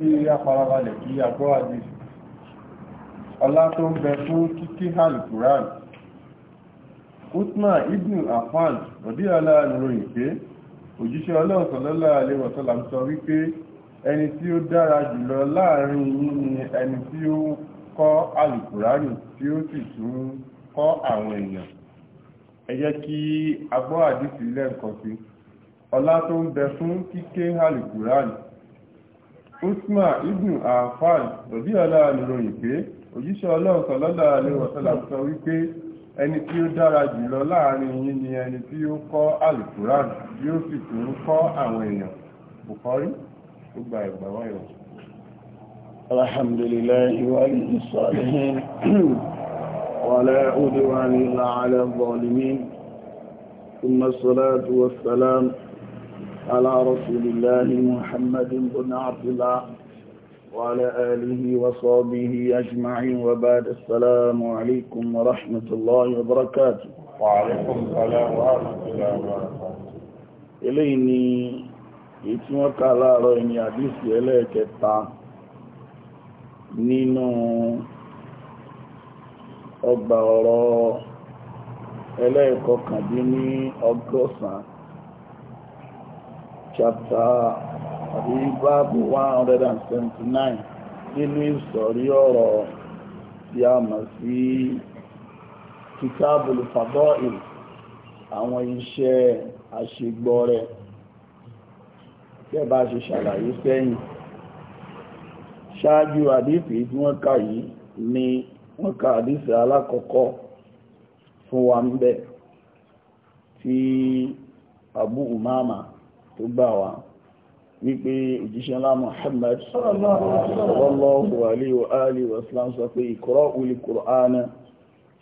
tí a farabalẹ̀ kí a gbọ́ àdìsí ọlá tó ń bẹ fún kíkí alukuran Uthman ibn Affan rọ̀dí aláàrùn pé òjíṣẹ́ Ọlọ́run sallallahu alaihi wasallam sọ wípé ẹni tí ó dára jùlọ láàrin yín ni ẹni tí ó kọ́ alukurani tí ó sì tún kọ́ àwọn èèyàn ẹ jẹ́ kí a gbọ́ àdìsí lẹ́ẹ̀kan sí ọlá tó ń bẹ fún kíké alukurani usman ibn afan rọ̀bí ọlọ́run ròyìn pé òjíṣẹ́ ọlọ́run sọlọ́lá alẹ́ wípé ẹni tí ó dára jùlọ láàrin yín ni ẹni tí ó kọ́ alukuran bí ó sì tún kọ́ àwọn èèyàn bùkọ́rí ó gba ẹ̀gbà wáyọ̀. على رسول الله محمد بن عبد الله وعلى آله وصحبه أجمعين وبعد السلام عليكم ورحمة الله وبركاته وعليكم السلام ورحمة الله وبركاته eléyìí ni èyí tí wọ́n إليك láàárọ̀ ẹni àdísì ẹlẹ́ẹ̀kẹta nínú ọgbà ọ̀rọ̀ ẹlẹ́ẹ̀kọkàndínní chapter àbí báàbù 179 nínú ìsọ̀rí ọ̀rọ̀ tí a mọ̀ sí kitabul fada'il àwọn iṣẹ́ àṣegbọ́rẹ̀ kẹba ṣe ṣàlàyé sẹ́yìn ṣáájú àdífì tí wọ́n kà yìí ni wọ́n ka àdífì alákọ̀ọ́kọ́ fún wa ń bẹ̀ tí Abu Umama tó bá wa wípé òjíṣẹ́ ńlá Muhammad sallallahu alaihi wa alihi wa sallam sọ pé iqra'ul Qur'ana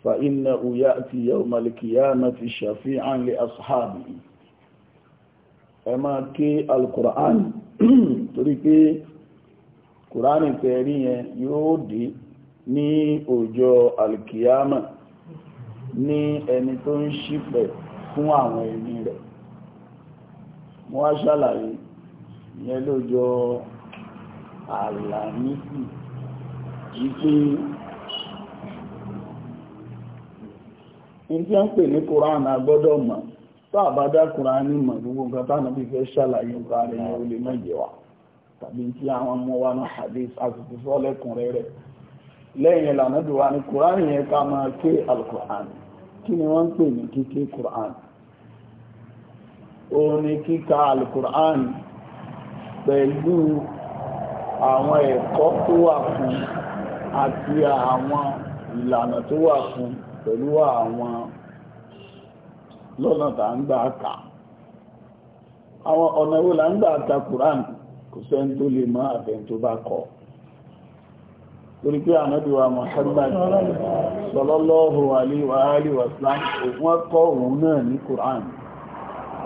fa innahu ya'ti yawmal qiyamati shafi'an li ashabihi ẹ máa ké al-Qur'an torí pé Qur'an tẹ̀rí yẹn yóò dé ní ọjọ́ al ní ẹni tó ń ṣípẹ̀ fún àwọn ẹni rẹ̀ mo wá ṣàlàyé ìyẹn lọ́jọ́ àlàmísì wípé ní tí wọ́n pè ní koran agbọ́dọ̀ mọ̀ tó àbádá koran ní mọ̀ gbogbo nǹkan tánà bí fẹ́ ṣàlàyé nǹkan rẹ̀ ní olè mẹ́jẹ̀wà tàbí tí àwọn ọmọ wa náà hadith àtìtì sọ́lẹ̀kùn rẹ̀ rẹ̀ lẹ́yìn ìlànà dùwà ní koran yẹn ká máa ké alkoran kí ni wọ́n pè ní kíké koran òun ni kíka alukur'an pẹ̀lú àwọn ẹ̀kọ́ tó wà fún àti àwọn ìlànà tó wà fún pẹ̀lú àwọn lọ́nà tá ń gbà kà àwọn ọ̀nà là ń gbà ta Quran kò sẹ́ni tó lè mọ̀ àfẹ́ tó bá kọ́ torí pé Ànábì wa Muhammad sallallahu kọ́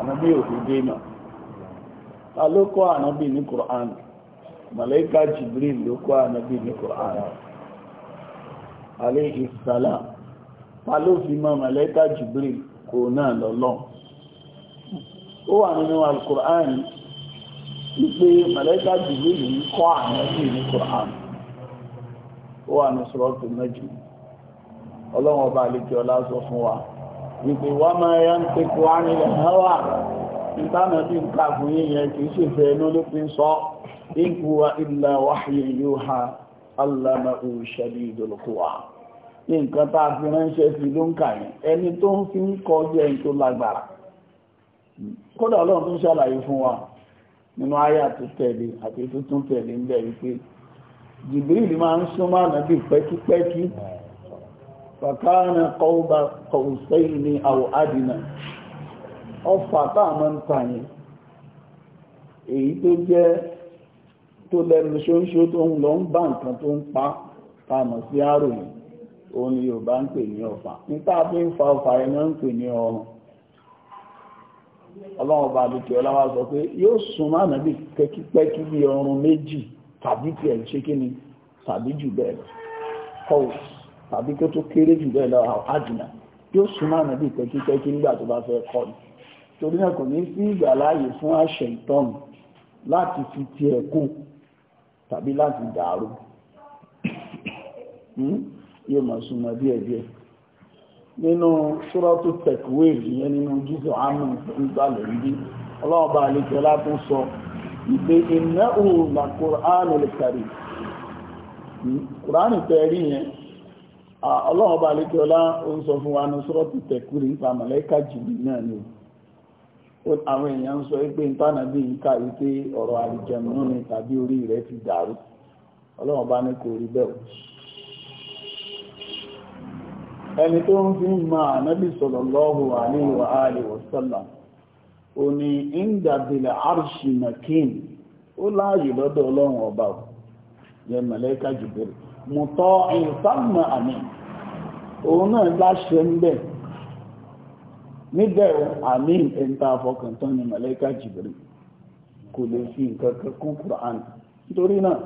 anabi ò fi dènà ta ló kọ́ ànábì ní Quran Jibril ló anabi ànábì ní Quran alayhi salam ta ma fi mọ́ màláíkà Jibril ko náà lọ́lọ́ ó wà nínú al-Quran wípé malaika Jibril ń kọ anabi ní Quran ó wà ní Suratul Ọlọ́wọ́ ọlọ́wọ́n ọba àlejò sọ fún wa. ìpè wọ́n máa yẹ ń pè kó wá nílẹ̀ hẹ́wà ìtànà bí yíyẹ kì í sọ illa wahyu yuha allamahu shadidul quwa ní nǹkan tá a fi ránṣẹ́ sí ló ń kà ẹni tó ń fi ń kọ jẹ́ ẹni tó lágbára kódà ọlọ́run tó ninu ṣàlàyé fún wa nínú àyà tó tẹ̀lé àti tẹ̀lé ń fàkánà kọ́ọ̀bà kọ̀ọ̀sẹ́yìn ní àwọ̀ àdínà ọfà táàmọ́ ń tàyẹ̀ èyí tó jẹ́ tó lẹ́nu ṣóńṣó tó ń lọ ń bá nǹkan tó ń pa tààmọ̀ sí àròyìn òun ni Yorùbá ń pè ní ọfà níta fi ń fa ọfà iná ń pè ní ọrùn ọlọ́run bá ọláwà sọ pé yóò sún mọ́ ànábì kẹ́kípẹ́kí bí ọrùn méjì tàbí tiẹ̀ ṣé kí ni tàbí jù bẹ́ẹ̀ kọ́ọ̀sì tàbí kó tó kéré jù bẹ́ẹ̀ lọ àjìnà yóò súnmọ́ ànábì pẹ́kípẹ́kí nígbà tó bá fẹ́ kọ́ ni torí náà kò ní sí ìgbà láàyè fún àṣẹ ìtọ́nù láti fi ti ẹ̀kú tàbí láti dàrú hmm? yóò máa súnmọ́ díẹ̀ díẹ̀ nínú ṣúrọ́tù hmm? tẹ̀kùwéè yẹn nínú jíso àmì ìgbàlẹ̀ ìdí ọlọ́ọ̀bá àlejò látún sọ ìpé ìnáwó na kùránù lè kàrí kùránù tẹ̀rí yẹn ọlọ́ọ̀bá alékiọlá ọlá ń sọ fún wa ní sọ́rọ̀tù tẹ̀kúrì nípa mọ̀lẹ́kà jìbì náà ni àwọn èèyàn ń sọ pé ìtànà bí i ká wípé ọ̀rọ̀ àlìjẹ̀mú ni tàbí orí rẹ̀ ti dàrú ọlọ́ọ̀bá ní kò rí bẹ́ẹ̀ ẹni tó ń ma ànábì sallallahu alaihi wa alihi wa mọ̀tọ́ ìsànmà àmì òun náà láṣẹ ń bẹ̀ níbẹ̀ àmì ẹ̀ntà àfọkàntán ni màláíkà jìbìrì kò lè fi nǹkan kan kún kùránì nítorí náà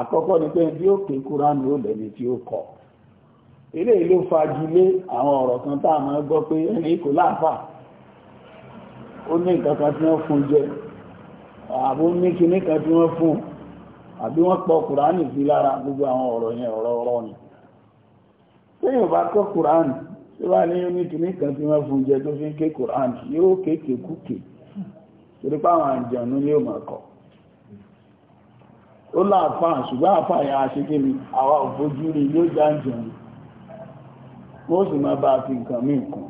àkọ́kọ́ ni pé bí ó ké kùránì ó lẹ́ni tí ó kọ́ ilé ìlú fagilé àwọn ọ̀rọ̀ kan tá a máa gbọ́ pé ẹni kò láàfà ó ní nǹkan kan tí wọ́n fún jẹ àbó ní kinní kan tí wọ́n fún àbí wọ́n pọ̀ kùránì sí lára gbogbo àwọn ọ̀rọ̀ yẹn ọ̀rọ̀ ọ̀rọ̀ ni téèyàn bá kọ́ kùránì tí wá ní oníkìní kan tí wọ́n fún jẹ tó fi ń ké kùránì yóò kéèké kúkè torí páwọn àjọ̀nú ní ò máa kọ̀ ó láàfáà ṣùgbọ́n àfáà yà á ṣe ni àwa òfojú rí yóò já ń jẹun wọ́n sì máa bá fi nǹkan mí nǹkan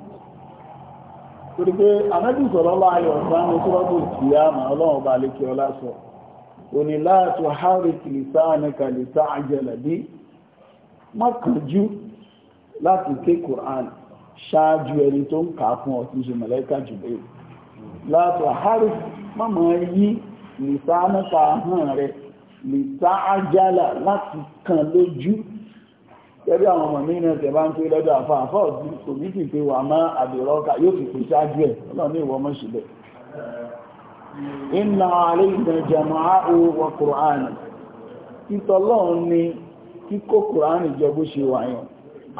torí pé anábì sọ̀rọ̀ láàyò ọ̀sán ní sọ́rọ́bù ìyá àmà ọlọ́run ọba lékè ọlá sọ̀rọ̀ òní láàtò harrick lìsáàníkà lìsáàjẹ́lẹ̀ bí mọ́kànjú láti ké Qur'an ṣáájú ẹni tó ń kà fún ọ tí ṣe mọ̀lẹ́kà jùlọ láàtò harrick mọ́mọ̀ yí lìsáàníkà hàn rẹ̀ lìsáàjẹ́lẹ̀ láti kàn lójú ẹbí àwọn ọmọ mi náà tẹ̀bá ń pé lọ́dọ̀ àfá àfá òbí kò ní sì pé wà máa àbẹ̀rọ̀ ọkà yóò fi pèsè ájú ẹ̀ ọlọ́run ní inna alayna jama'ahu wa qur'ana ìtọ́lọ́run ni kíkó kùránì jọ bó ṣe wà yàn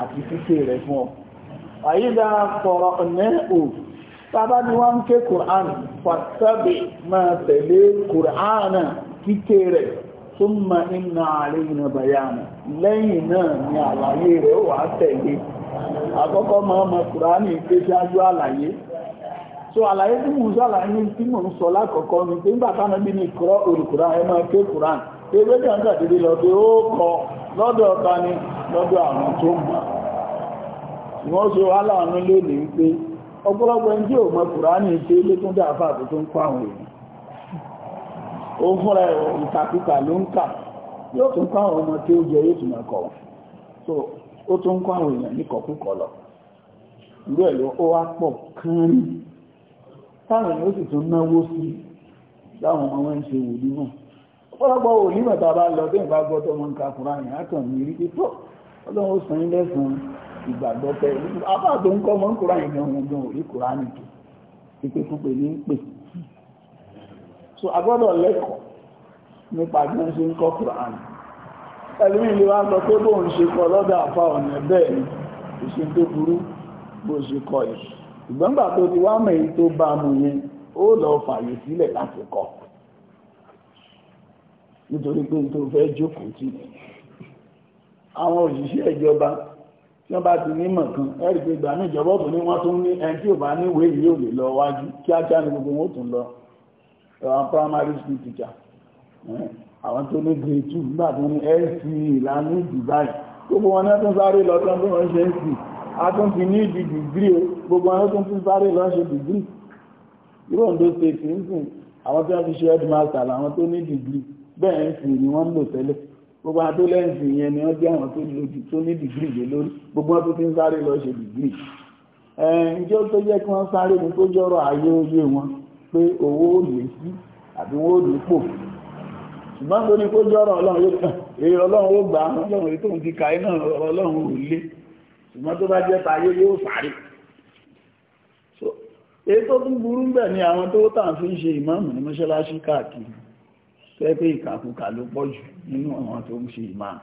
àti títè rẹ̀ fún ọ. àyídá sọ̀rọ̀ ọ̀nà ò tàbá ní wọ́n ń ké kùránì pàtàbí máa tẹ̀lé kùránì títè rẹ̀ bayana lẹ́yìn ni àlàyé rẹ̀ wà tẹ̀lé àkọ́kọ́ máa ma kùránì pé ṣáájú àlàyé so àlàyé tí mò ń sàlàyé ní tí mò ń sọ lákọ̀ọ́kọ́ ni pé nígbà táwọn ẹbí ní kúrọ́ olùkúrọ́ ẹ máa ké kúrán ewé kàńkà lọ pé ó kọ lọ́dọ̀ ọ̀ta ni lọ́dọ̀ àwọn tó mọ̀ wọ́n ṣe wá láàánú lónìí pé ọ̀pọ̀lọpọ̀ ẹni tí ò mọ̀ kúránì ṣe lékún dáfà tó tó ń kọ́ èèyàn ó fúnra ẹ̀rọ ìtàkùkà ló ń kà yóò tún ọmọ tí ó jẹ yóò tún so ó tún kọ́ èèyàn ní lọ ìlú ẹ̀ ló wá pọ̀ kán táwọn èèyàn sì tún náwó sí láwọn ọmọ wọn ń ṣe wòlú náà ọ̀pọ̀lọpọ̀ wòlú mẹ́ta bá lọ bí ìbá gbọ́tọ̀ wọn ka fúnra yẹn àtàn ní rí pípọ̀ ọlọ́run ó san ilé san ìgbàgbọ́ pẹ́ apá tó ń kọ́ mọ́ ń kúrò àyìn gan ohun gan orí kúrò àyìn tó pípé púpé ní pè so agbọ́dọ̀ lẹ́kọ̀ọ́ nípa bí wọ́n ṣe ń kọ́ kúrò ẹlùmí ilé wa sọ pé bóun ṣe kọ́ lọ́dọ̀ àfa ọ̀nà bẹ́ẹ̀ ni kò ṣùgbọ́n gbà tó ti wá mẹ́rin tó bá mú yẹn ó lọ fàyè sílẹ̀ láti kọ́ nítorí pé tó fẹ́ jókòó tì àwọn òṣìṣẹ́ ìjọba tí wọ́n bá ti ní mọ̀ kan ẹ̀rì pé ìgbà ní ìjọba ọ̀tún ní wọ́n tún ní ẹni tí ò bá níwèé yìí ò lè lọ wájú kíákíá ni gbogbo wọn ó tún lọ àwọn primary school teacher àwọn tó ní grade two nígbà tó ní lce lánìí Dubai gbogbo wọn náà tún sáré lọ tán bí wọ́n ṣe ń sìn àtúntì ní ìdí dìgírí o gbogbo àwọn tó ń tún sáré lọ ṣe dìgírí irú òǹdó state ń sìn àwọn tí wọ́n fi ṣe headmaster làwọn tó ní dìgírí bẹ́ẹ̀ ń sìn ni wọ́n ń lò tẹ́lẹ̀ gbogbo àwọn tó lẹ́ǹsì yẹn ni wọ́n jẹ́ àwọn tó ní dìgírí lé lórí gbogbo wọn tó ti ń sáré lọ ṣe dìgírí ǹjẹ́ tó jẹ́ kí wọ́n sáré ní tó jọ́rọ̀ ayé oyé wọn pé owó ò lè sí àbí wọ́n ò lè pò ṣùgbọ́n tó ní kó jọ́rọ̀ ọlọ́run yóò gbà ọlọ́run ó ṣùgbọ́n tó bá jẹ́ tayé yóò sáré èyí tó tún burú ń ni àwọn tó tàn fi ń ṣe ìmáàmù ní mọ́ṣáláṣí káàkiri tó ẹ́ pé ìkàkùkà ló pọ̀ jù nínú àwọn tó ń ṣe ìmáàmù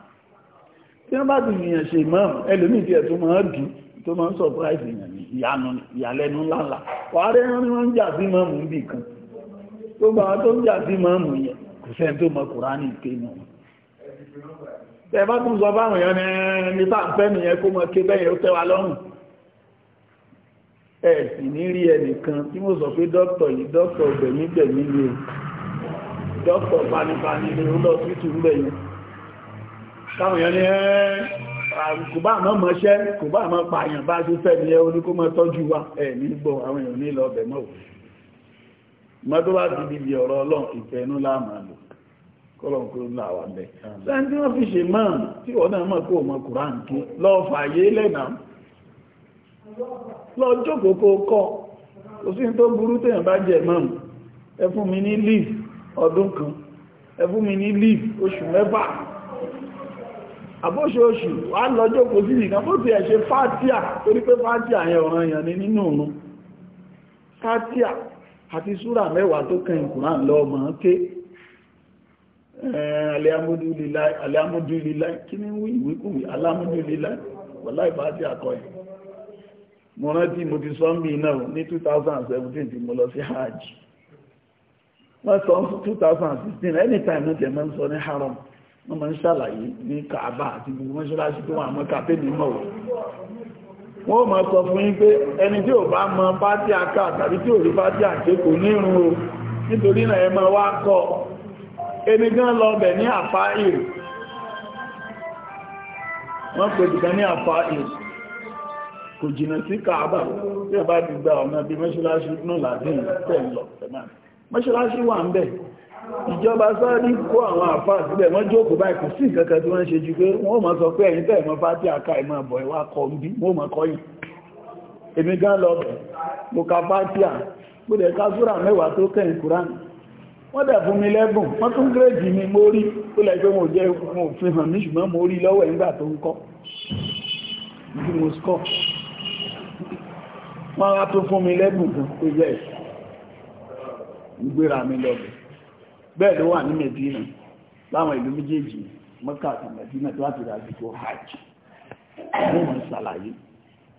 tí wọ́n bá ti fìyàn ṣe ìmáàmù ẹlòmíì tí ẹ̀ tó máa bì tó máa ń sọpráìsì èèyàn ní ìyàlẹ́nu ńláńlá wàárẹ̀ rí wọ́n ń jà sí ìmáàmù níbì tẹ bá tún sọ báwọn èèyàn ní ẹni tá ń fẹ́ nìyẹn kó mọ ké bẹ́yẹn ó tẹ́ wa lọ́rùn ẹ sì ní rí ẹnìkan tí mo sọ pé dókítọ̀ yìí dókítọ̀ gbẹ̀mígbẹ̀mí ni o dókítọ̀ panipani ni ó lọ sí túnbẹ̀ yìí táwọn èèyàn ní kò bá àmọ́ mọ́ṣẹ́ kò bá àmọ́ pààyàn bá ṣe fẹ́ nìyẹn ó ní kó mọ tọ́jú wa ẹ ní gbọ́ àwọn èèyàn ní lọ kọ́lọ̀kúrò náà wà wọ́n fi ṣe máa tí wọ́n náà mọ̀ kó o mọ̀ kí lọ fàyé lẹ́nà lọ kọ́ kò sí tó burú tẹ́yàn bá jẹ mi ní leaf ọdún kan ẹ mi ní leaf oṣù mẹ́fà wà sí nìkan bó ti fátíà torí pé fátíà yẹn ọ̀ràn ni nínú òun fátíà àti súrà mẹ́wàá tó kẹ́yìn alámúdúlélá kí ní wí ìwíkúwí alámúdúlélá wọ́lá ìbá tí àkọ́ ẹ̀ mo rántí mo ti sọ mí náà ní 2017 tí mo lọ sí hajj wọ́n sọ 2016 anytime ní tẹ̀mọ́ ń sọ ní haram wọ́n máa ń ṣàlàyé ní kaaba àti gbogbo mọ́ṣáláṣí tó wà mọ́ kàtẹ́lì mọ́ wọ́n máa sọ fún yín pé ẹni tí ò bá mọ fátíà ká o nítorí náà ẹ máa wá kọ́ èmi gan lọ bẹ̀ ní àfá ìrù wọ́n pè dìkan ní àfá ìrù kò jìnà sí káàbà tí ẹ bá ti gba ọ̀nà bí mọ́ṣíláṣí náà làdín tẹ́ lọ mọ́ṣíláṣí wà ń bẹ̀ ìjọba sáré kó àwọn àfá síbẹ̀ wọ́n jókòó báyìí kò sí ìkankan tí wọ́n ṣe jù pé wọ́n mọ̀ sọ pé ẹ̀yin tẹ́ mọ́ fátí àká ìmọ̀ àbọ̀ ìwà kọ̀ ń bí wọ́n mọ̀ kọ́yìn èmi gan lọ bẹ̀ mo ka fátí à mo dẹ̀ mẹ́wàá tó kẹ́yìn kúránì wọ́n dẹ̀ fún mi lẹ́bùn wọ́n tún gírèjì mi mo rí ó lẹ́ mo jẹ́ mo fi hàn mí ṣùgbọ́n mo rí lọ́wọ́ ìgbà tó ń kọ́ bí mo skọ́ wọ́n wá tún fún mi lẹ́bùn tó pé jẹ́ ìgbéra mi lọ́bẹ̀ bẹ́ẹ̀ ló wà ní Medina láwọn ìlú méjèèjì Mọ́kà àti Medina tó láti rájú kó hajj mo mọ̀ ṣàlàyé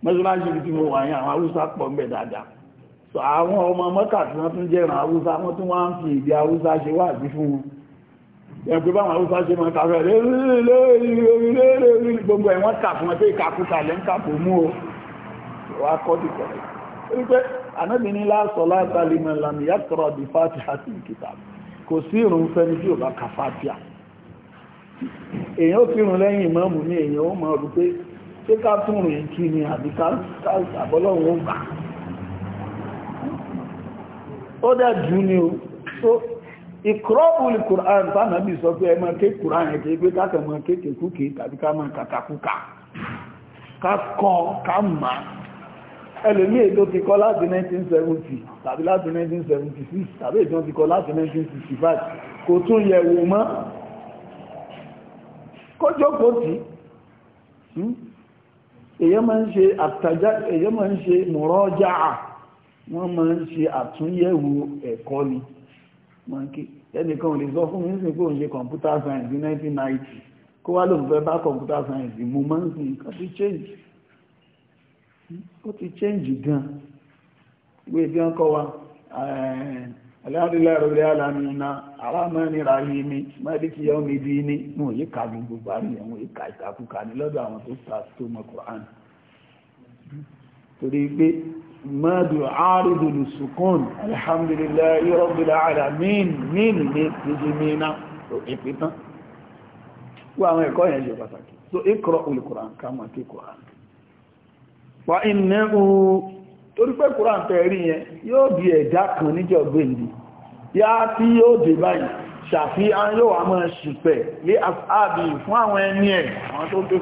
mọ́sálásí tí mo wà ní àwọn Haúsá pọ̀ ń bẹ̀ dáadáa so àwọn ọmọ mọ́kà tí wọ́n tún jẹ́ràn haúsá wọ́n tún wá ń fi ìdí haúsá ṣe wà sí fún wọn ẹgbẹ́ báwọn haúsá ṣe máa kàfẹ́ lórí gbogbo ẹ̀wọ́n kà fún ẹgbẹ́ ìkàkùsà lẹ́ ń kàpò mú o wà kọ́ ti kọ̀ wípé anábì ní lásọ látàlímọ̀ lànà yàtọ̀rọ̀ di fàtí àti ìkìtà kò sí ìrùn fẹ́ni tí ò bá ka fàtíà èèyàn ó fi rùn lẹ́yìn ìmọ̀ọ́mù ní èèyàn ó mọ̀ rú pé ṣé ká tún rìn kí ni àbí ká àbọ́lọ́run ó gbà kódà jù ní o so ìkọ́ọ̀bùlì kùrán tánàbí sọ pé ẹmọ ké kùrán ẹ̀kẹ́ pé kákẹ̀mọ kéèkè kúkè tàbí ká mọ́ kàkàkúkà kákọ́ ká mà ẹlòmí èdò ti kọ́ láti 1970 tàbí láti 1976 tàbí ìjọ ti kọ́ láti 1965 kò tún yẹ̀ wò mọ́ kójókòó tí hmm? èyẹ́ máa ń ṣe mọ̀rọ̀ jáà wọ́n máa ń ṣe àtúnyẹ̀wò ẹ̀kọ́ ni mọ́nkí ẹnìkan ò lè sọ fún mi sí pé òun ṣe computer science ní 1990 kó wá lóun fẹ́ bá computer science mú mọ́ sí nǹkan ti change ó ti change gan ìwé tí wọ́n kọ́ wa aláàdúlá ìrọ̀lẹ́ alámìnà alámọ́nira yìí ni mẹ́díkì yọ́ mi bí ní mú yí ka gbogbo àríyànwó ìka ìkàkùkà ní lọ́dọ̀ àwọn tó mọ̀ torí pé mọ́dù àárídùlù sùkún alhamdulillah rabbil alamin min ní títí mìíràn ìpítán wọ́n àwọn ẹ̀kọ́ yẹn ṣe pàtàkì so ikra ul-Qur'an ká mọ̀ kí Qur'an wà torí pé tẹ̀rí yẹn yóò di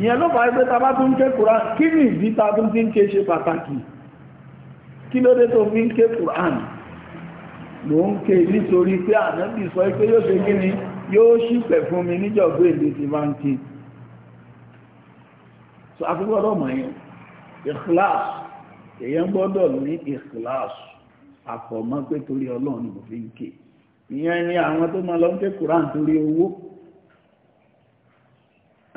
ìyẹn ló fà ẹgbẹ́ tàbá tún ké Kùrán kí ni ìdí ta tún ti ń ké ṣe pàtàkì kí ló dé tó fi ń ké Kùrán ló ń ké nítorí pé ànábì sọ pé yóò ṣe kí ni yóò ṣìpẹ̀ fún mi níjọ̀gbé ìlú ti máa ń ké so afẹ́gbọ́dọ̀ mọ̀ yẹn ikhlas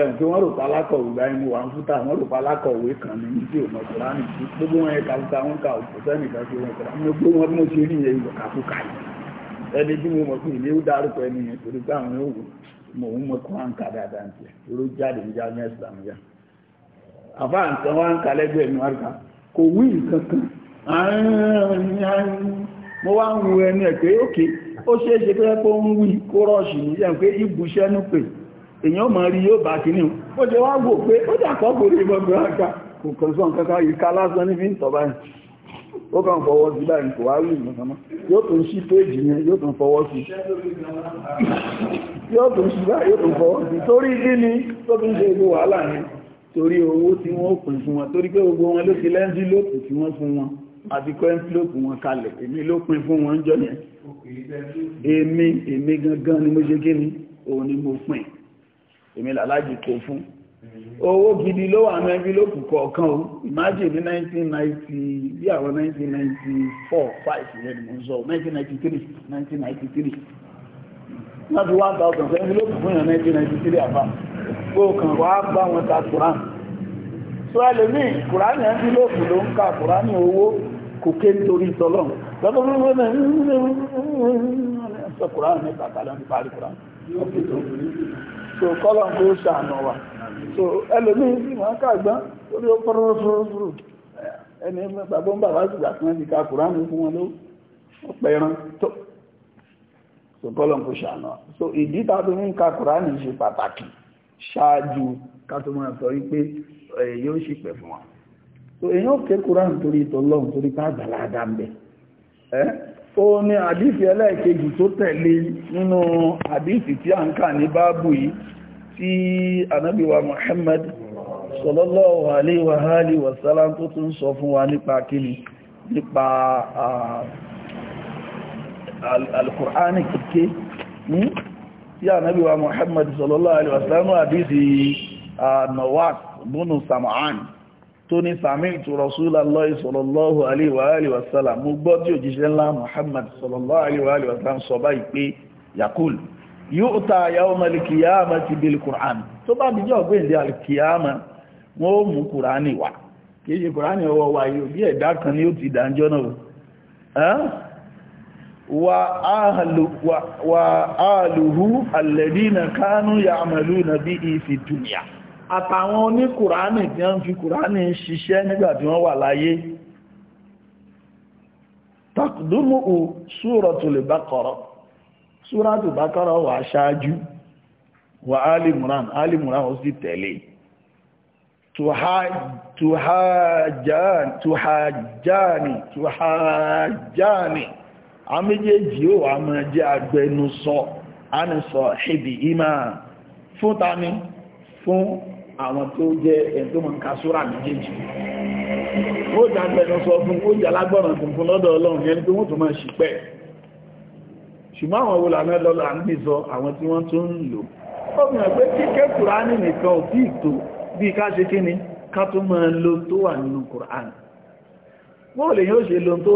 ẹ̀rùn tí wọ́n rò pa alákọ̀wé gba ẹmu wà ń fúta wọ́n rò pa alákọ̀wé kan ní ní tí ò tí gbogbo wọn ẹ̀ka fúta kà wọn gbogbo wọn bí mo ṣe rí yẹn yìí ẹni tí mo mọ̀ pé dárúkọ ẹni yẹn torí pé àwọn yóò wò ń kà dáadáa jáde níjà ní àfa ka lẹ́gbẹ̀ẹ́ ní kò wí nǹkan kan èyàn mọ̀ rí yóò bá kìíní ó jẹ wá wò pé ó dàkọ́ kò rí gbogbo aka kò sọ nǹkan ìka lásán ní fi ń tọ̀bá yìí ó kàn fọwọ́ sí báyìí kò wá rí nǹkan yóò tún sí péjì yẹn yóò tún fọwọ́ sí yóò tún sí báyìí yóò tún fọwọ́ sí torí kí ni tó fi ń ṣe ìlú wàhálà yẹn torí owó tí wọ́n pín fún wọn torí pé gbogbo wọn ló ti lẹ́ńdí lóòpù tí wọ́n fún wọn àti kọ́ ẹ́ńfílòpù wọn kalẹ̀ èmi ló pín fún wọn jọ yẹn èmi èmi gangan ni mo ṣe kí ni òun ni mo pín èmi làlájì kò fún owó gidi ló wà mẹ́bí ló kù kọ̀ọ̀kan o imagine ní 1990 bí àwọn 1994 5 yẹn ni mo sọ 1993 1993 láti 1000 fẹ́bí ló kù fún yàn 1993 àbá kọ̀ọ̀kan wá bá wọn ta Quran so ẹlòmíì Quran yẹn bí ló kù ló ń ka Quran owó kò ké nítorí tọ́lọ́ Sọ Kùránì mẹ́ta tàbí parí Kùránì so kọ́lọ̀ kó ṣàánà wa so ẹlòmíín sì máa kàgbọ́n orí ó pọ́rọ́ fúrúfúrú ẹni bàbá ń bàbá sì gbà fún ẹni ká kùránù fún wọn ló pẹ̀ràn tó so kọ́lọ̀ kó ṣàánà wa so ìdí tàbí ń ka kùránù ṣe pàtàkì ṣáájú ká tó máa sọ wípé yóò sì pẹ̀ fún wa so èèyàn ké kùránù torí ìtọ́lọ́run torí ká àgbàlá ó ní àdífì ẹlẹ́ẹ̀kejì tó tẹ̀lé nínú àdífì tí a ń kà ní báàbù yìí tí anábíwa Muhammad sallallahu alaihi wa alihi wa sallam tó tún sọ fún wa nípa kíni nípa al kìké hmm? tí anábíwa Muhammad sallallahu alaihi wa tó ní sàmìtù Rasulullah sallallahu alaihi wa alihi wa sallam mú gbọ́ tí òjíṣẹ́ ńlá Muhammad sallallahu alaihi wa alihi wa sallam sọ báyìí pé yakul yu'ta yawmal qiyamati bil Qur'an tó bá wa ahluhu alladhina kanu ya'maluna bihi fi dunya àtàwọn oníkùránì tí wọ́n fi kùránì ṣiṣẹ́ nígbà tí wọ́n wà láyé takdumu u súratul baqara súratul baqara wà ṣáájú wà alimuran alimuran ó sì tẹ̀lé tuhajjani tuhajjani a méjèèjì ó wà máa jẹ́ agbẹnusọ anìsọ̀ ṣìbì ìmá fún tani fún àwọn tó jẹ́ ẹ̀tọ́ mọ̀ ká súrà méjèèjì ó jà gbẹ̀nà sọ fún ó jà lágbọ̀ràn tuntun lọ́dọ̀ ọlọ́run yẹn tó wọ́n tó máa ṣìpẹ́ ṣùgbọ́n àwọn wo lànà lọ́la ń bí sọ àwọn tí wọ́n tún ń lò ó mìíràn pé kíkẹ́ kùránì nìkan ò tí ìtò bí ká ṣe kí ni ká tó máa lo tó wà nínú kùránì wọ́n lè yóò ṣe lo tó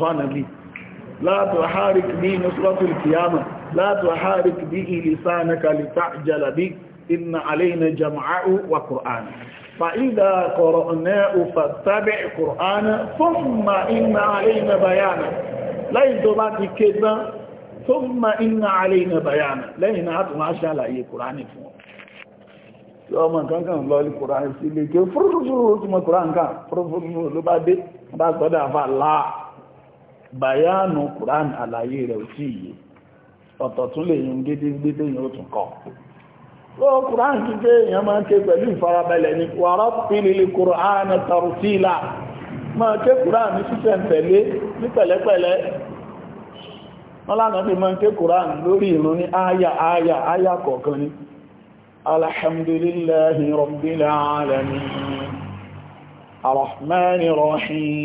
wà nínú ní nusratul kiyama لا تحرك به لسانك لتعجل به إن علينا جمعه وقرآن فإذا قرأناه فاتبع قرآن ثم إن علينا بيانا ليس باتي كذا ثم إن علينا بيانا لين أتنا أشعل أي قرآن فيه ọmọ nǹkan kan lọ ní kùránì sí ilé kí ó fúrúfúrú tí mọ́ kùránì kan fúrúfúrú ló bá dé bá sọ́dá àfà láà bàyánù kùránì àlàyé rẹ̀ ò tí yìí ọ̀tọ̀ tún lè yìn gédégbé téèyàn ó tún kọ́ ló kùránì kíké èèyàn máa ń ké pẹ̀lú ìfarabalẹ̀ ní wàrà pínlẹ̀ kùránì tartila máa ké kùránì sísẹ̀ ń tẹ̀lé ní pẹ̀lẹ́pẹ̀lẹ́ wọ́n máa ké kùránì lórí ìrun ní áyà áyà áyà kọ̀ọ̀kan ní alhamdulillahi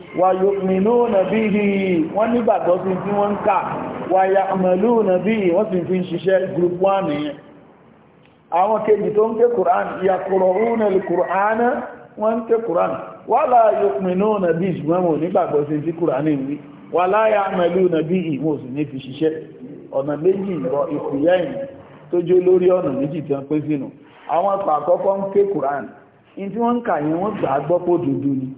wàyò mìnú nàbí hì wọ́n nígbàgbọ́ sí tí wọ́n ń kà wàyà nàbí wọ́n sì fi ń ṣiṣẹ́ group àwọn kejì tó ń ké quran ìyàkùrọ̀ òun ẹ̀lì quran wọ́n ń ké quran wàlá yò nàbí ṣùgbọ́n wọn nígbàgbọ́ sí tí quran ní ọ̀nà méjì ọ̀nà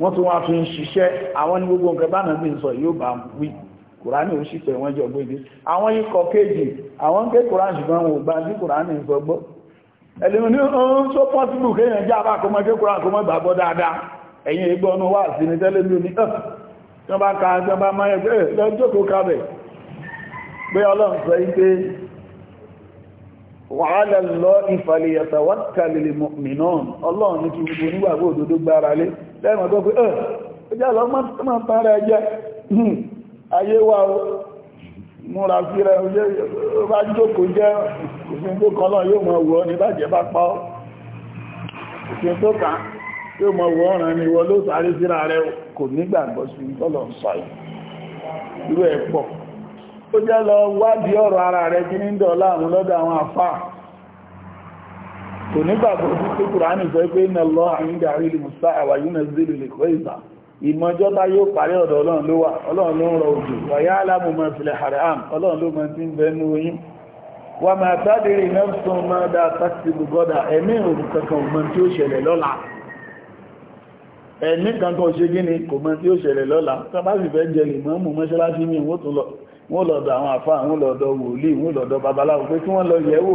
wọ́n tún wá fi ń ṣiṣẹ́ àwọn ní gbogbo nǹkan bánà bí n sọ yóò bá wí kùránì ó sì pẹ̀ wọ́n jọ gbéde àwọn ikọ̀ kejì àwọn ń ké kùránì ṣùgbọ́n wọn ò gbá sí kùránì ìsọgbọ́ ẹlẹ́nu ní oòrùn tó pọ́sibù kéèyàn já bá kọmọ ké kùránì kọmọ gbàgbọ́ dáadáa ẹ̀yìn ìgbọ́nú wà sí ní tẹ́lẹ́mí ní ẹ̀ tí wọ́n bá ka tí wọ́n bá máa yẹ pé eh, lọ́jọ́kó kábẹ̀ pé ọlọ́run sọ ipé wàhálà lọ ìfàlẹ̀yàtàwákàlẹ̀ mìíràn ọlọ́run ní kí gbogbo nígbàgbọ́ òdodo tẹ́wọ̀n tó pé ẹ̀ ẹjá lọ mọ́ tán rẹ̀ jẹ́ hmm, ayé wa o múra sí rẹ̀ ojé bá jókòó jẹ́ òfin tó kan yóò mọ̀ bá pa ọ́ òfin tó yóò mọ̀ ni wọ́n ló sáré síra rẹ̀ kò nígbàgbọ́ sí tọ́lọ̀ irú kò nígbàgbọ́ sí pé kùránì sọ pé iná lọ àyíndà àrílì musa àwàyúnà zílì lè kọ́ ìzà ìmọ̀jọ́ta yóò parí ọ̀dọ̀ ọlọ́run ló wà ọlọ́run ló ń rọ òjò wàyá alámùmọ̀ ìfilẹ̀ haram ọlọ́run ló mọ̀ tí wọ́n lọ́dọ̀ àwọn àfá àwọn lọ́dọ̀ wòlíì wọ́n lọ́dọ̀ babaláwo pé kí wọ́n lọ yẹ̀ wò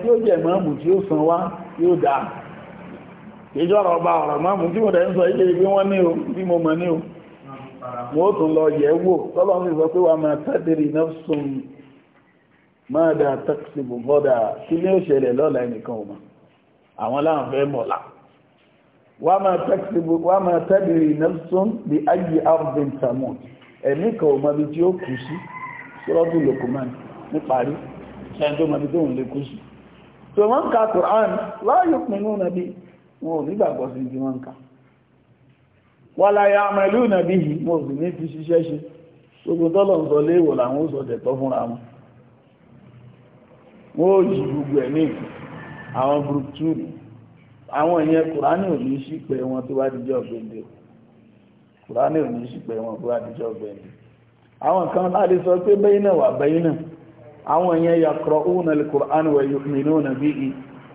tí ó jẹ̀ mọ́mù tí ó san wá yóò dá ìjọ ọ̀rọ̀ ọba ọ̀rọ̀ mọ́mù tí wọ́n dẹ̀ ilé ibi wọ́n ní o bí mo mọ̀ ní o wọ́n tún lọ yẹ̀ wò tọ́lọ́n sì sọ pé wà máa tẹ́tẹ̀rì nafsun máa dá tẹ́kisì bò bọ́dà kí ní ó ṣẹlẹ̀ lọ́la ẹnìkan ò mọ̀ àwọn láwọn fẹ́ mọ̀lá wà máa tẹ́kisì ẹ̀mí kan ò mọbi tí ó kù sí sọ́rọ́dù Luqman níparí ṣẹ́yìn tó mọbi tó ń lè kú sí tó wọ́n si. Qur'an la yu'minuna bi wọn ò nígbàgbọ́ sí ti wọ́n ka wala ya'maluna bihi wọn ò sì ní fi ṣiṣẹ́ ṣe gbogbo tọ́lọ̀ kùránì ò ní ṣìpẹ̀ wọn bó àdìjọ́ bẹ̀rẹ̀ àwọn kan láti sọ pé bẹ́yìn náà wà bẹ́yìn náà àwọn èèyàn yàkọ̀rọ̀ òun náà lè kùránì wẹ̀ yóò mìíràn náà bí i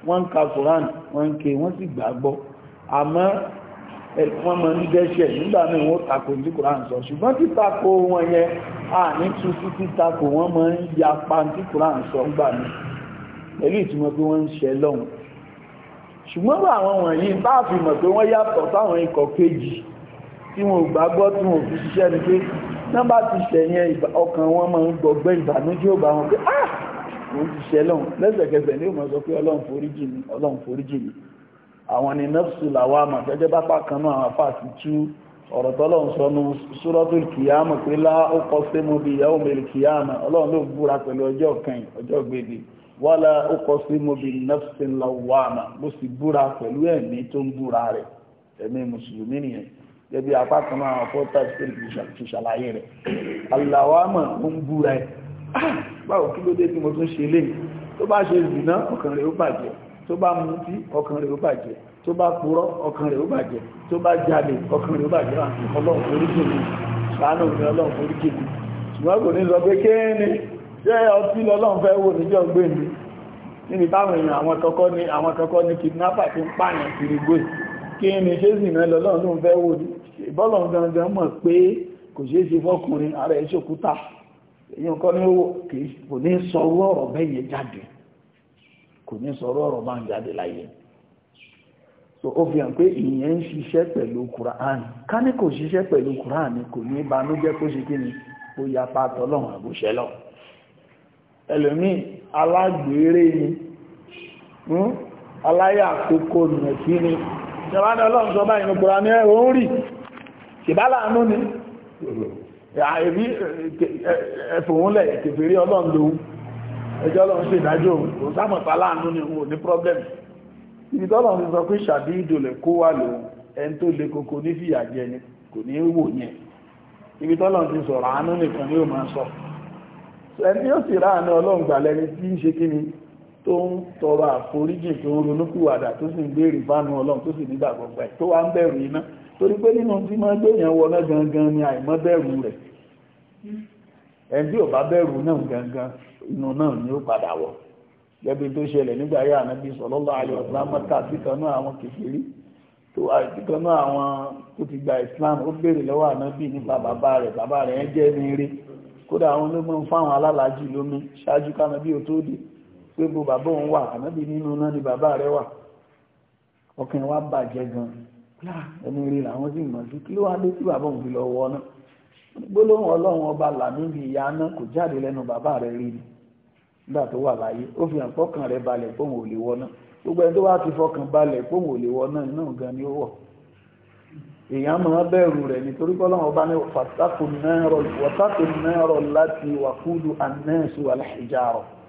wọ́n ń ka kùránì wọ́n ń ké wọ́n sì gbàgbọ́ àmọ́ wọ́n mọ̀ ní dẹ́ṣẹ̀ nígbà náà wọ́n tako ní kùránì sọ ṣùgbọ́n títako wọn yẹn à ní tún sí títako wọ́n mọ̀ ń ya pa ní kùránì sọ ńgbà náà pẹ̀lú ìtumọ̀ pé wọ́n ń ṣẹ lọ́hùn ṣùgbọ́n àwọn wọ̀nyí bá fi mọ̀ pé wọ́n yàtọ̀ sáwọn ikọ̀ kejì tí wọn ò gbàgbọ́ tí wọn ò fi ṣiṣẹ́ ni pé nọ́mbà ti ṣẹ̀yẹn ọkàn wọn máa ń gbọgbẹ́ ìbànújẹ́ ò bá wọn pé ah òun ti ṣẹ lọ́hùn lẹ́sẹ̀kẹsẹ̀ ni ó máa sọ pé ọlọ́run foríjì mi ọlọ́run foríjì mi àwọn ni nọ́ọ̀sì làwọn àmọ̀ gẹ́gẹ́ bá pàkan náà àwọn afá ti tú ọ̀rọ̀ tọ́lọ́run sọ nu suratul kìyàmù pé lá ó kọ sí mu bí ìyàwó mi kìyàmù ọlọ́run ló búra pẹ̀lú ọjọ́ kan ọjọ́ gbèdè wọ́lá ó kọ sí mu bí nọ́ọ̀sì làwọn àmọ̀ mo sì búra pẹ̀lú ẹ̀mí tó ń búra rẹ̀ ẹ̀mí mùsùlùmí nìyẹn gẹ́gẹ́ bí apá kan máa fọ́ tàbí ti ṣàlàyé rẹ̀ aláwámọ̀ ń búra ẹ̀ báwo kí ló dé tí mo tún ṣe lè tó bá ṣe zìná ọkàn rẹ̀ ó bàjẹ́ tó bá mutí ọkàn rẹ̀ ó bàjẹ́ tó bá purọ́ ọkàn rẹ̀ ó bàjẹ́ tó bá jalè ọkàn rẹ̀ ó bàjẹ́ ọlọ́run foríjì mi ṣàánú mi ọlọ́run foríjì mi ṣùgbọ́n kò ní sọ pé kéèní ṣé ọtí lọ́lọ́run fẹ́ wò kí ni ṣe sì náà lọ́lọ́run ló ń fẹ́ wò ní ìbọ́lọ̀n gangan mọ̀ pé kò ṣeé ṣe fọ́kùnrin ara ẹ̀ ṣòkúta èyàn kọ́ ní owó kò ní sọ̀rọ̀ ọ̀rọ̀ bẹ́yẹn jáde kò ní sọ̀rọ̀ ọ̀rọ̀ bá ń jáde láyé so ó fi hàn pé ìyẹn ń ṣiṣẹ́ pẹ̀lú Quran ká ní kò ṣiṣẹ́ pẹ̀lú Quran kò ní banújẹ́ kó ṣe kí ni ó ya pátọ́ lọ́hùn àbúṣẹ́lọ́ ẹlòmíì alágbèrè ni hmm? aláyà àkókò nìyẹn kí ni ìjọba ní ọlọ́run sọ báyìí nùgbòrò ní ẹ̀rọ ń rí ìbálàánú ni àìrí ẹ̀fòúnlẹ̀ ìtẹ̀fẹ̀rí ọlọ́run lòun ẹjọ́ ọlọ́run ṣe ìdájọ́ òun sámọ̀pá láàánú ni òun ní problem ibi tọ́lọ́run ti sọ pé ṣàbí ìdòlẹ̀ kó wà lòun ẹn tó le koko ní fìyà jẹ ni kò ní wò yẹn ibi tọ́lọ́run ti sọ̀rọ̀ àánú nìkan ni ó máa sọ ẹni yóò sì ráàánú ọlọ́run gbà lẹ́ni tí tó ń tọrọ àforíjì tó ń ronúkúwàdà tó sì ń béèrè fánú ọlọ́run tó sì nígbà gbogbo ẹ̀ tó wá ń bẹ̀rù iná torí pé nínú tí máa gbéyàn wọná gangan ni àìmọ́ bẹ̀rù rẹ̀ ẹ̀bí ò bá bẹ̀rù náà gangan inú náà ni ó padà wọ̀ gẹ́gẹ́ tó ṣẹlẹ̀ nígbà yà ànábì sallallahu alaihi wasallam mọ́ta síkan náà àwọn kìfìrí tó àìsíkan náà àwọn tó ti gba Islam ó béèrè lọ́wọ́ ànábì nípa bàbá rẹ̀ bàbá rẹ̀ ń jẹ́ ní eré kódà àwọn olómọ́ fáwọn alálàájì lómi ṣáájú kánábì ò tó dé pé bo bàbá òun wà ànábì nínú náà ni bàbá rẹ̀ wà ọkàn wa bàjẹ́ gan ẹni rí làwọn sì mọ̀ sí kí ló wá dé tí bàbá òun fi lọ wọ náà gbólóhùn ọlọ́run ọba làmì ìyá náà kò jáde lẹ́nu bàbá rẹ̀ rí ni nígbà tó wà láyé ó fi hàn pọ́kàn rẹ̀ balẹ̀ pé òun ò lè wọ náà gbogbo ẹni tó wá ti fọkàn balẹ̀ pé òun ò lè wọ náà náà gan ni ó wọ̀ èèyàn máa bẹ̀rù rẹ̀ nítorí kọ́lọ́wọ́ bá ní wọ́tàkùn náà rọ̀ láti wàkúdù an-nasu wal-hijara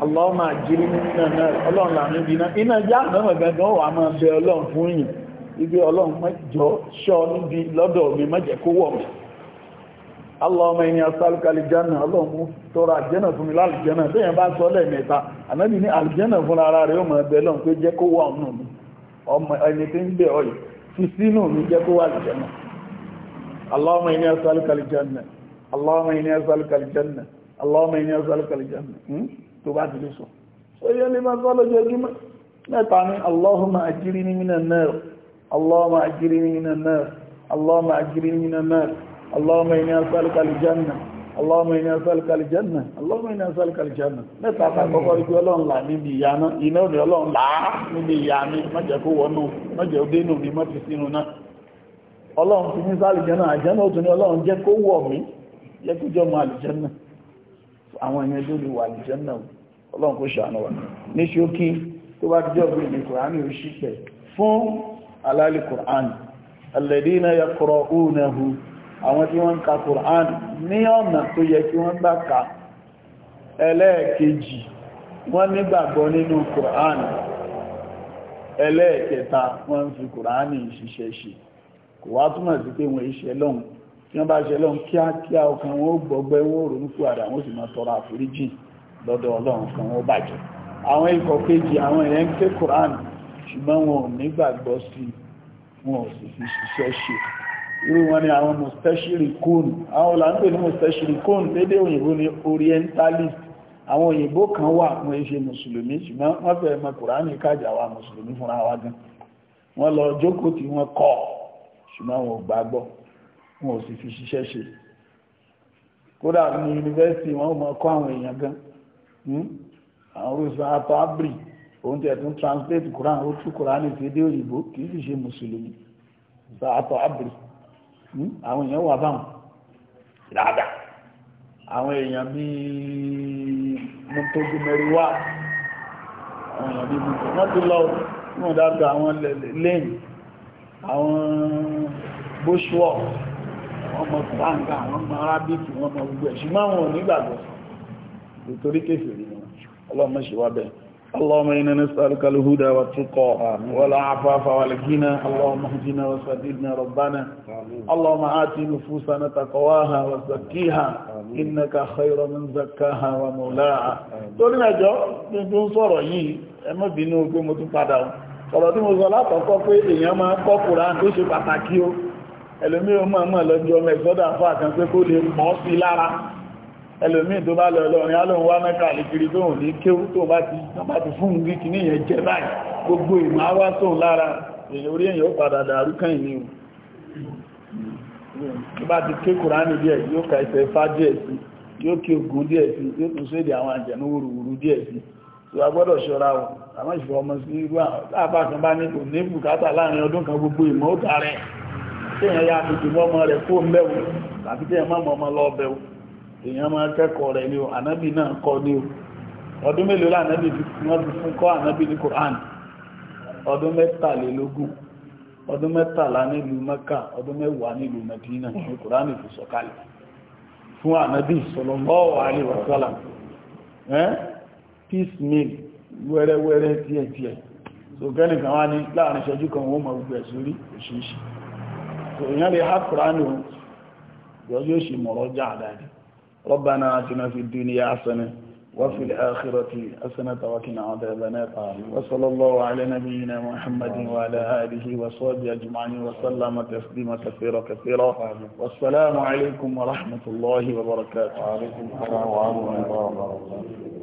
Allahumma àjírí nínú náà ọlọ́run lànà ibi náà iná já mẹ́wọ̀n gẹ́gẹ́ wà máa bẹ ọlọ́run fún yìn ibi ọlọ́run mẹ́jọ ṣọ́ níbi lọ́dọ̀ mi mẹ́jẹ̀ kó wọ̀ mí Allahumma inni as'aluka al-janna ọlọ́run mú tọrọ àjẹ́nà fún mi lálùjẹ́nà bẹ́ẹ̀ bá sọ lẹ́ẹ̀mẹ́ta ànábì ní àlùjẹ́nà fún ara rẹ̀ ó máa bẹ ọlọ́run pé jẹ́ kó wọ̀ nù ọmọ ẹni tó bá ti lè sùn ó yẹ lè máa sọ́ lójoojúmọ́ mẹ́ta ní allahumma ajirni minan nar allahumma ajirni minan nar allahumma ajirni minan nar allahumma inni as'aluka al-janna allahumma inni as'aluka al-janna allahumma inni as'aluka al-janna mẹ́ta ta kọ́kọ́ rí pé ọlọ́run là níbi ìyá náà iná ni ọlọ́run là á níbi ìyá mi mọ́jẹ̀ kó wọnú mọ́jẹ̀ ó àwọn èèyàn tó lè wà nìjẹ́ náà ọlọ́run kó ṣàánú wa ní ṣókí tó bá jọ bí ní kùránì ò fún ya àwọn tí wọ́n ń ka kùránì ní ọ̀nà tó yẹ kí wọ́n gbà ka ẹlẹ́ẹ̀kejì wọ́n nígbàgbọ́ nínú kùránì ẹlẹ́ẹ̀kẹta wọ́n ń fi tí wọ́n bá ṣe lọ́n kíákíá ọkàn wọn ó gbọgbẹ́ wọn ó ronú fún àdá wọn ó sì máa tọrọ àforíjì lọ́dọ̀ ọlọ́run kan wọn ó bàjẹ́ àwọn ikọ̀ kejì àwọn èèyàn ń ké koran ṣùgbọ́n wọn ò nígbàgbọ́ sí wọn ò sì fi ṣiṣẹ́ ṣe irú wọn ni àwọn mustachiri kóòn àwọn olàǹpẹ̀ ní mustachiri kóòn ni orientalist wa mùsùlùmí fúnra wa gan wọ́n lọ jókòó tí wọ́n wọn ò sì fi ṣiṣẹ́ ṣe kódà ní yunifásitì wọn ò mọ kọ́ àwọn èèyàn gan hmm? àwọn olùsọ àtọ abri òun tẹ̀ tún translate Quran ó tú Quran sí èdè òyìnbó kì í sì ṣe mùsùlùmí sọ àtọ abri hmm? àwọn èèyàn wà báwọn dáadáa àwọn èèyàn bíi mọ́tògì mẹ́rìnwá àwọn èèyàn bíi mọ́tò wọ́n ti lọ wọ́n dáadáa àwọn lẹ́yìn àwọn bushwalk àwọn ọmọ fúláǹgà àwọn ọmọ arábíkì wọn ọmọ gbogbo ẹ̀ ṣùgbọ́n àwọn onígbàgbọ́ nítorí kéfèrè wọn ọlọ́mọ ṣe wá bẹ́ẹ̀ اللهم إنا نسألك الهدى والتقى والعفاف والغنى اللهم اهدنا وسددنا ربنا اللهم آت نفوسنا تقواها وزكيها إنك خير من زكاها ومولاها تقولنا جو بدون sọ̀rọ̀ yìí ẹ má bínú pé mo tún padà sọ̀rọ̀ tí mo sọ látọ̀kọ́ pé èèyàn máa kọ́ Kùránì tó ṣe pàtàkì o ẹlòmí o mọ̀ lọ́jọ́ mẹ́sọ́dà fún àkànṣe kó lè pọ̀ sí lára ẹlòmí tó bá lọ lọ́rin alóhun wá mẹ́ta àlèkiri tó hùn ní kéwú tó bá ti fún ní kì níyẹn jẹ báyìí gbogbo ìmọ̀ wá sóhun lára èyàn orí èyàn ó padà dàrú kàn ní o tó bá ti ké kùránì díẹ̀ yóò ka ìfẹ́ fá díẹ̀ sí yóò ké ogun díẹ̀ sí yóò tún sédè àwọn àjẹ̀nú wúruwúru díẹ̀ a gbọ́dọ̀ ṣọ́ra o àmọ́ ìfẹ́ ọmọ sí irú àwọn tábà kan bá ní kò ní bùkátà láàrin ọdún kan gbogbo ìmọ̀ ó darẹ̀ téèyàn ya ọmọ rẹ̀ fóun bẹ́wò tàbí téèyàn má mọ́ ọmọ lọ bẹ́wò èèyàn máa kẹ́kọ̀ọ́ rẹ̀ ni ànábì náà kọ́ ọdún mélòó wọ́n ti fún kọ́ ànábì ní ọdún mẹ́tàlélógún ọdún mẹ́tàlá nílùú Mẹ́kà ọdún mẹ́wàá nílùú Mẹ́dínà ní fi sọ̀kalẹ̀ fún ànábì wẹ́rẹ́wẹ́rẹ́ wá ní láàrin ìṣẹ́jú kan wọ́n òṣìṣẹ́ èèyàn lè há kùránì ohun yóò ṣe mọ̀rọ̀ já àdáyé rọ́bàná àtúná وفي الآخرة أسنة وكنا عذاب نار وصلى الله على نبينا محمد وعلى آله وصحبه أجمعين وسلم تسليما كثيرا كثيرا والسلام عليكم ورحمة الله وبركاته وعليكم السلام ورحمة الله وبركاته